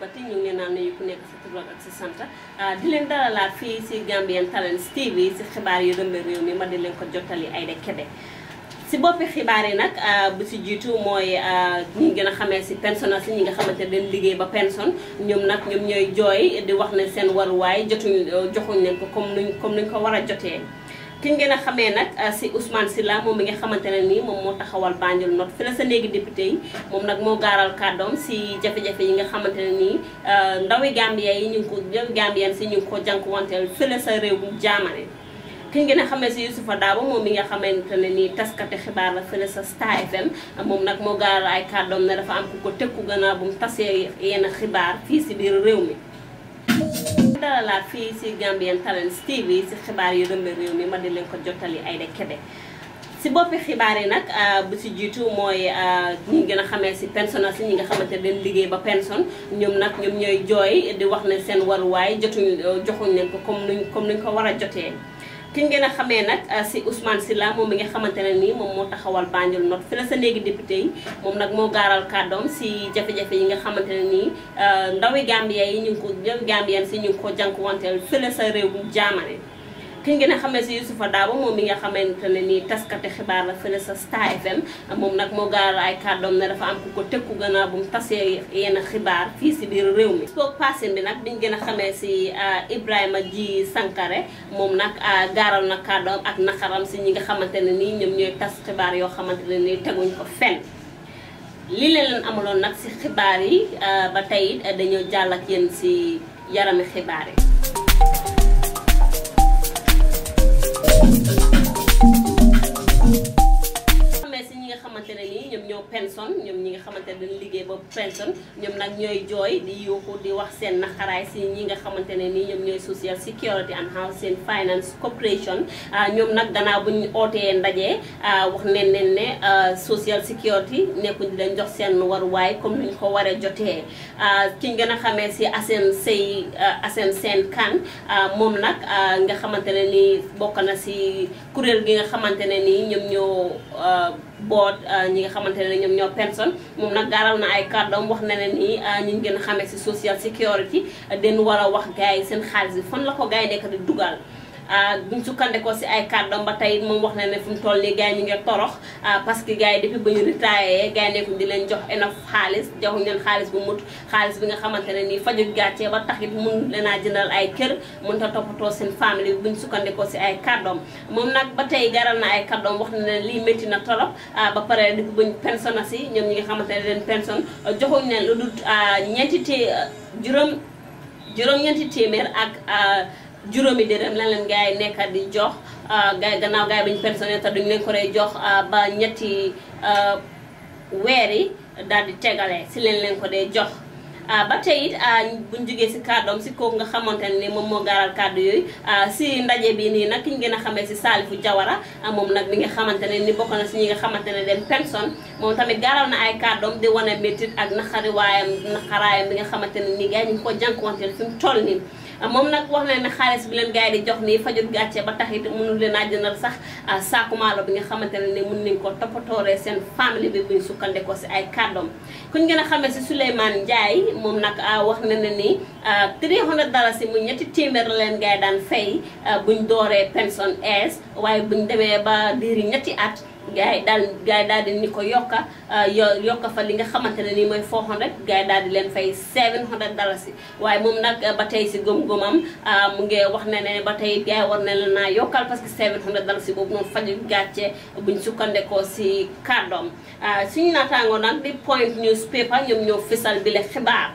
Koti ñu ngeen leen naan nuyu ku nekk sa tur ak sa sant ah, di leen dalalaat fii si Gambian Talents TV si xibaar yu rëmbe réew mi ma di leen ko jottali Aida Kébé si boppi xibaar yi nag ah, bu si jiitu mooy ah, ñu gën a xamee si pensionnaires yi ñi nga xamante dañ liggéey ba pension ñoom nag ñoom ñooy jooy di wax ne seen waruwaay jotuñu joxuñ leen ko comme nuñ comme nuñ ko war a jotee ki gën a xamee nag ah, si si la moom mi nga xamante ne nii moom moo taxawal Banjul Nord fi sa néegi député yi moom nag moo gaaral kàddoom si jafe-jafe yi nga xamante ne nii ah, ndawi Gambia yi ñu ngi ko ndawi Gambian si ñu ngi ko jànkuwanteel fi sa réew jaamane ki ngeen a xamee si Youssoufa Dabo mi nga xamante ne nii taskati xibaar la fële sa Star FM moom nag moo gaaral ay kàddoom ne dafa am ku ko tëkku gannaaw bu mu tasee yenn xibaar fii si biir réew mi dalalaat fii si Gambian Talents TV si xibaar yu rëmbe réew mi ma di leen ko jottali Aida Kebe si boppi xibaar yi nag euh, bu si jiitu mooy euh, ñi gën a xamee si pensionnaires yi ñi nga xamante ne liggéey ba pension ñoom nag ñoom ñooy jooy di wax ne seen waruwaay jotuñu euh, joxuñ leen ko comme nuñ comme nuñ ko war a jotee kiñ gën a xamee nag ah, si si la moom bi nga xamante ne nii moom moo taxawal Banjul Nord fële sa néegi député yi moom nag moo gaaral kàddoom si jafe-jafe yi nga xamante ne nii ah, ndawi Gambia yi ñu ngi ko ndawi Gambien si ñu ngi ko jànkuwanteel fële sa réew réewum jaamane ki ngeen a xamee si Youssoufa Dabo moom mi nga xamante ne nii taskati xibaar la fële sa Star moom nag moo gaar ay kàddoom ne dafa am ku ko tëkku gannaaw bu mu tasee yenn xibaar fii si biir réew mi. spokesperson bi nag biñ gën a xamee si ah, Ibrahima ji Sankare moom nag ah, gaaral na kàddoom ak naqaram si ñi nga xamante ne nii ñoom ñooy tas xibaar yoo xamante ne nii teguñ ko fenn. li leen leen amaloon nag si xibaar yi ah, ba tey dañoo jàll ak yéen si yarami xibaar yi. Hello. pension ñoom ñi nga xamante ne dañu liggéey ba pension ñoom nag ñooy jooy di yuuxu di wax seen naqaraay si ñi nga xamante ne nii ñoom ñooy social security and housing finance corporation ah, ñoom nag danaa buñ ootee ndaje ah, wax neen leen ne ah, social security nekkuñ di leen jox seen waruwaay comme ni ñu ko waree jotee ki ñu gën a xamee si Assane Seye Assane Sène Kane moom nag nga xamante ne nii bokk na si kuréel gi nga xamante ne nii ñoom ñoo Euh, boot euh, ñi nga xamante ne ñoom ñoo personne moom nag gaaral na ay kàddoom wax na ne ni euh, ñu ngi gën a xamee si social security den war a wax gars yi seen xaalis bi fan la ko gaa yi nekk di dugal. buñ ah, sukkandikoo si ay kàddoom ba tey moom wax na ne fu mu toll nii gars yi ñu ngi torox ah, parce que gars yi depuis ba ñu ritaayee gars yi nekkuñ di leen jox enof xaalis joxuñ leen xaalis bu mut xaalis bi nga xamante ne nii faju gàccee ba tax it mun leen a jëndal ay kër mun ta toppatoo seen famille bi buñ sukkandikoo si ay kàddoom moom nag ba tey garal na ay kàddoom wax ne lii métti na torop ah, ba pare depuis bañ pension na si ñoom ñi nga xamante ne leen pension joxuñ leen lu dul ñeenti té juróom juróom-ñeenti téeméer ak juróomi dërëm la leen gars yi nekka di jox euh, gars gannaaw gars yi bañ personnel te duñ leen ko dee jox euh, ba ñetti euh, weer yi daal di tegale si leen leen ko dee jox Ah, ba tey it ah, buñ si kàddoom si kooku nga xamante ne moom moo gaaral kàddu yooyu ah, si ndaje bi nii nag kiñ gën a xamee si Saalifu Jawara moom nag mi nga xamante ne ni bokk na si ñi nga xamante ne dem pension moom tamit gaaral na ay kàddoom di wane métit ak naxariwaayam naxaraayam bi nga xamante ne nii gars yi ñu ko jànkuwanteel fi moom nag wax na ne xaalis bi leen gars yi di jox nii fajut gàcce ba tax it mënul leen a jëndal sax saaku bi nga xamante ne ni mën nañ ko toppatooree seen famille bi buñ sukkandekoo si ay kàddoom kuñ gën a xamee si Souleymane Ndiaye moom nag ah, wax na ne ni 300 ah, dara yi mu ñetti téeméer leen ngay daan fay ah, buñ dooree pension aise waaye buñ demee ba diiri ñetti at. gars dal gaay gars daal di ni ko yokka euh, yokka fa li nga xamante ne nii mooy 400 gars gaay daal di leen fay 700 dalasi waaye moom nag euh, ba tey si gëm-gëmam euh, mu ngi wax ne ne ba tey gars war na leen naa yokkal parce que 700 dalasi boobu moom faju gàcce buñ sukkandekoo si kàddoom suñu naataangoo nag di point newspaper ñoom ñoo fisal bi le xibaar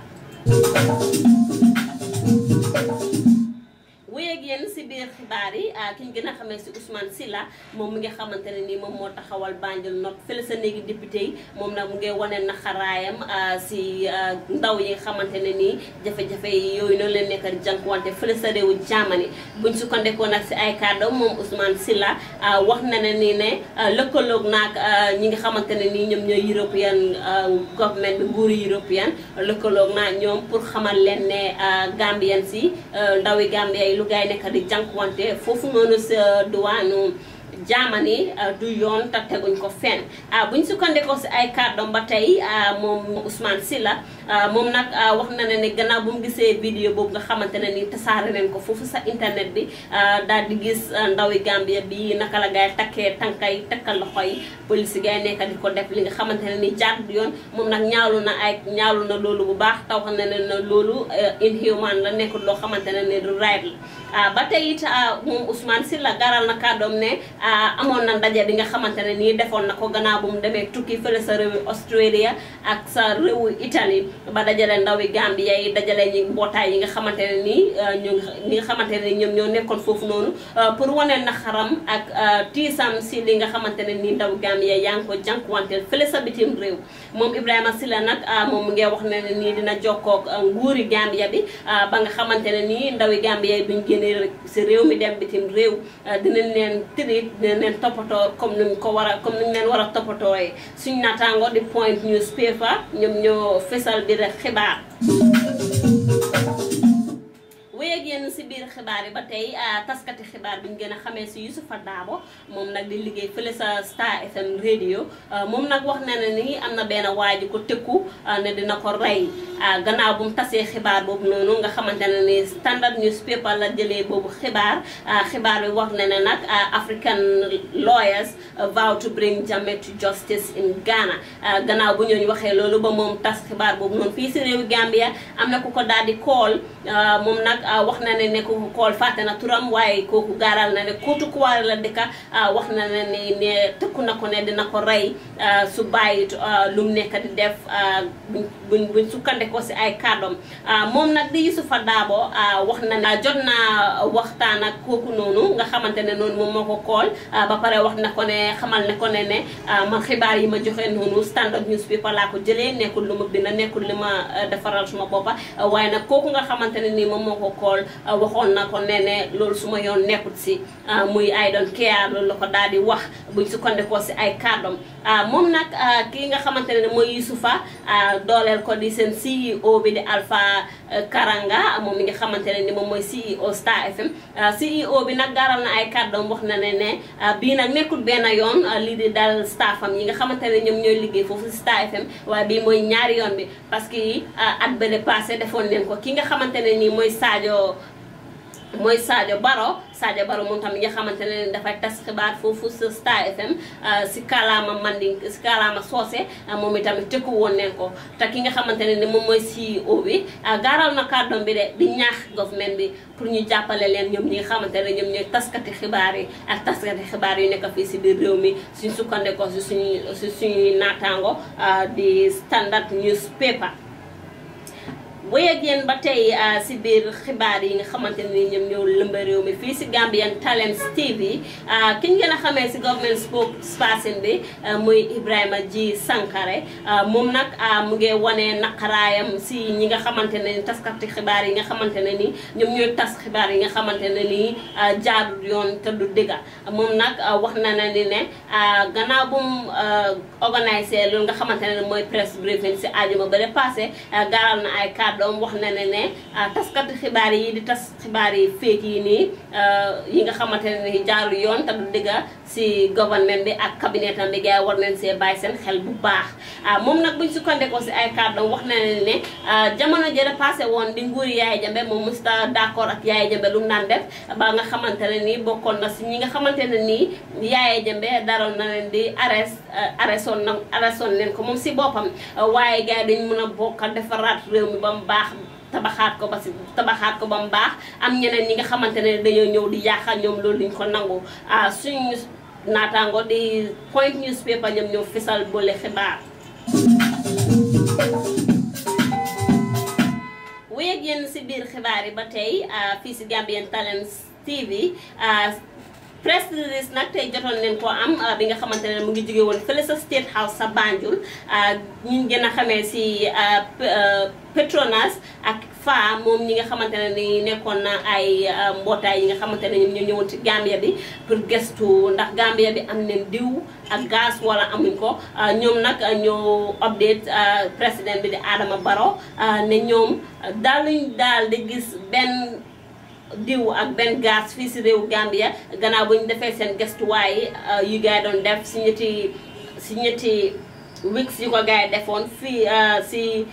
première xibaar yi ah, ki ñu gën a xamee si Ousmane Sylla moom mi nga xamante ne nii moom moo taxawal Banjul North fële sa néegi député yi moom nag mu ngi wane na xaraayam ah, si ah, ndaw yi nga xamante ne nii jafe-jafe yi yooyu leen nekkal jànkuwante fële sa réewu Germany buñ sukkandekoo si ay kàddoom moom Ousmane Sylla wax na ne nii ne lëkkaloog naag ñi nga xamante ne nii ñoom ñooy European government bi nguuru European lëkkaloog naa ñoom pour xamal leen ne Gambian si ndawi Gambia yi lu gaay nekk di jànk kuwante foofu noonu sa duwaanu jaamani euh, du yoon te teguñ ko fenn euh, buñ sukkandikoo si ay kàddoom ba tey euh, moom Ousmane Sylla moom nag wax na ne ne gannaaw bu mu gisee vidéo nga xamante ne ni tasaare nañ ko foofu sa internet bi daal di gis ndawi Gambia bi naka la gaay takkee tànkay takkal loxo yi police yi gaay di ko def li nga xamante ni jaar yoon moom nag ñaawlu na ay ñaawlu na loolu bu baax taw xam ne ne loolu inhuman la nekkul loo xamante ne ni du right la ne Ah, amoon na ndaje bi nga xamante ne nii defoon na ko gannaaw bu mu demee tukki fële sa réewu Australia ak sa réewu Italie ba dajale ndawi Gambia yi dajalee ñi mbootaay yi nga xamante ne nii ah, ñu ñi nga xamante ne ñoom ñoo nekkoon foofu noonu ah, pour wane na xaram ak tiisam si li nga xamante ne nii ndaw Gambia yaa ngi ko jànkuwanteel fële sa bitim réew moom Ibrahima Silla nag moom mu ngi wax ne ne nii dina jokkoog nguuri Gambia bi ba nga xamante ne nii ndawi Gambia yi buñ génnee si réew mi dem bitim réew dinañ leen tërit dinañ leen toppatoo comme ni ñu ko war a comme ni ñu leen war a toppatooyee suñu naataango di point newspaper ñoom ñoo fesal di rek xibaar. tey génn si biir xibaar yi ba tey euh, taskati xibaar bi ñu gën a xamee si Youssoufa Dabo moom nag di liggéey fële sa Star FM euh, moom nag wax na ne ni am na benn waaji ko tëkku euh, ne dina ko rey gannaaw bu mu tasee xibaar boobu noonu nga xamante ne ni standard newspaper la jëlee boobu xibaar xibaar bi wax na ne nag African lawyers vow to bring Jammeh to justice in Ghana gannaaw bu ñooñu waxee loolu ba moom tas xibaar boobu noonu fii si réew Gambia am na wax na ne ne ko kool fàtte na turam waaye kooku gaaral na ne kootukuwaar la dëkka ah, wax na ne ne tëkku na ko ne dina ko rey ah, su bàyyit ah, lu mu nekk di def buñ buñ si ay kàddoom moom nag di Yusufa Dabo wax na ne jot naa waxtaan ak kooku noonu nga xamante ne noonu moom moo ko kool ba pare wax na ko ne xamal ne ko ne yi ma joxe noonu ko jëlee nekkul lu ma bind nekkul li ma defaral suma waaye kooku nga xamante nii moom moo ko kool xool euh, waxoon na ko nee ne loolu su ma yoon nekkut si euh, muy ay doon care loolu la ko daal di wax buñ sukkandikoo si ay kàddoom euh, moom nag kii nga xamante ne mooy Youssoufa dooleel ko di seen si e bi di Alpha Karanga moom mi nga xamante ne ni moom mooy CEO Star FM euh, CEO bi nag gaaral na ay kàddoom wax na ne ne euh, bii nag nekkul benn yoon euh, lii di dal staffam yi nga xamante ne ñoom ñooy liggéey foofu Star FM waaye bii mooy ñaari yoon bi parce que at bële passé defoon leen ko ki nga xamante ne nii mooy Sadio mooy Sadio Baro saajo Baro moom tamit nga xamante ne dafay tas xibaar foofu sa Star FM euh, si kàllaama Manding si kàllaama soose euh, moom itamit tëkku woon neen ko te ki nga xamante ne moom mooy si e bi euh, gaaral na kàddoom bi de di ñaax government bi pour ñu jàppale leen ñoom ñi nga xamante ne ñoom ñooy taskati xibaar yi ak taskati xibaar yu nekk fii si biir réew mi si sukkandekoo si suñu si suñuy naataango di standard newspaper wéy ak ba tey ah, si biir xibaar yi nga xamante ni ñoom ñoo lëmba réew mi fii si Gambian Talents TV ah, ki ñu gën a xamee si government spokesperson bi ah, muy Ibrahima Ji Sankare moom nag mu ngi wane naqaraayam si ñi nga xamante ne ni taskati xibaar yi nga xamante ne ni ñoom ñooy tas xibaar yi nga xamante ne ni jaarul yoon te du dëgga moom nag wax na na ni ne gannaaw bu mu organisé nga xamante ne ni mooy press briefing si àjjuma ba de passé na ay dom wax na ne ne ah, kat xibaar yi di tas xibaar yi féeg yi nii ah, yi nga xamantene ni jaarul yoon ta du dëgga si gouvernement bi ak cabinet am bi gay war nañ ci bay sen xel bu baax ah, mom nak buñ ko si ay kàddoom wax na ne ne jamono da passé won di nguur yaay jambe mom musta d'accord ak yaay jambe lu nane def ba nga xamantene ni bokkon na ci ñi nga xamantene ni yaay jambe daral na len di arrest arrestone na arrestoon leen ko mom si bopam waye gay dañ mëna bokkal bokk defaraat mi bam baax tabaxaat ko ba si tabaxaat ko ba mu baax am ñeneen ñi nga xamante ne dañoo ñëw di yàqal ñoom loolu liñ ko nangu ah suñu naataango di point newspaper ñoom ñoo fisal boole xibaar. wéeg yéen si biir xibaar yi ba tey fii si Gambian Talents TV. press release nag tey jotoon leen koo am ah, bi nga xamante ne mu ngi jóge woon fële sa State House sa Banjul ah, ñu gën a xamee si ah, Petronas ak fa moom ñi nga xamante ne ni nekkoon na ay mbootaay yi nga xamante ne ñoom ñëwoon ci Gambia bi pour gëstu ndax Gambia bi am nañ diw ak gaz wala amuñ ko ñoom nag ñoo update président bi di Adama Barrow ne ñoom daaluñ daal di gis benn. diw ak benn gaz fii si réew Gambia gannaaw bu ñu defee seen gestuwaay euh, yu gars yi doon def si ñetti si ñetti weeks yu ko gaa yi defoon fi euh, si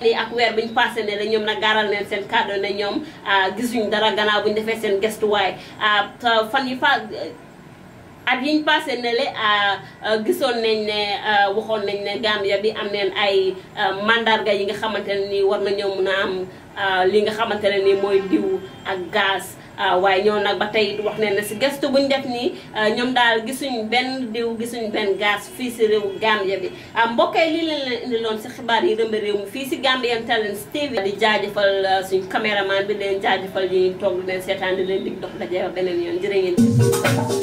li ak weer bi ñu passé ne la ñoom na gaaral leen seen kàddu ne ñoom euh, gisuñ dara gannaaw bu defee seen gestuwaay fan at yiñ passé ne le ah, ah, gisoon nañ ne ah, waxoon nañ ne Gambia bi am neen ay mandarga yi nga xamante ne nii war na ñëw mun a am li nga xamante ne nii mooy diw ak gaz waaye ñoo nag ba tey wax ne ne si gëstu buñ def nii ñoom daal gisuñ benn diw gisuñ benn gaz fii si réew Gambia bi mbokk yi lii leen leen indiloon si xibaar yi rëmbe réew mi fii si Gambian Talents TV di jaajëfal suñ caméraman bi leen jaajëfal yi toog leen seetaan di leen dig dox daje beneen yoon jërë ngeen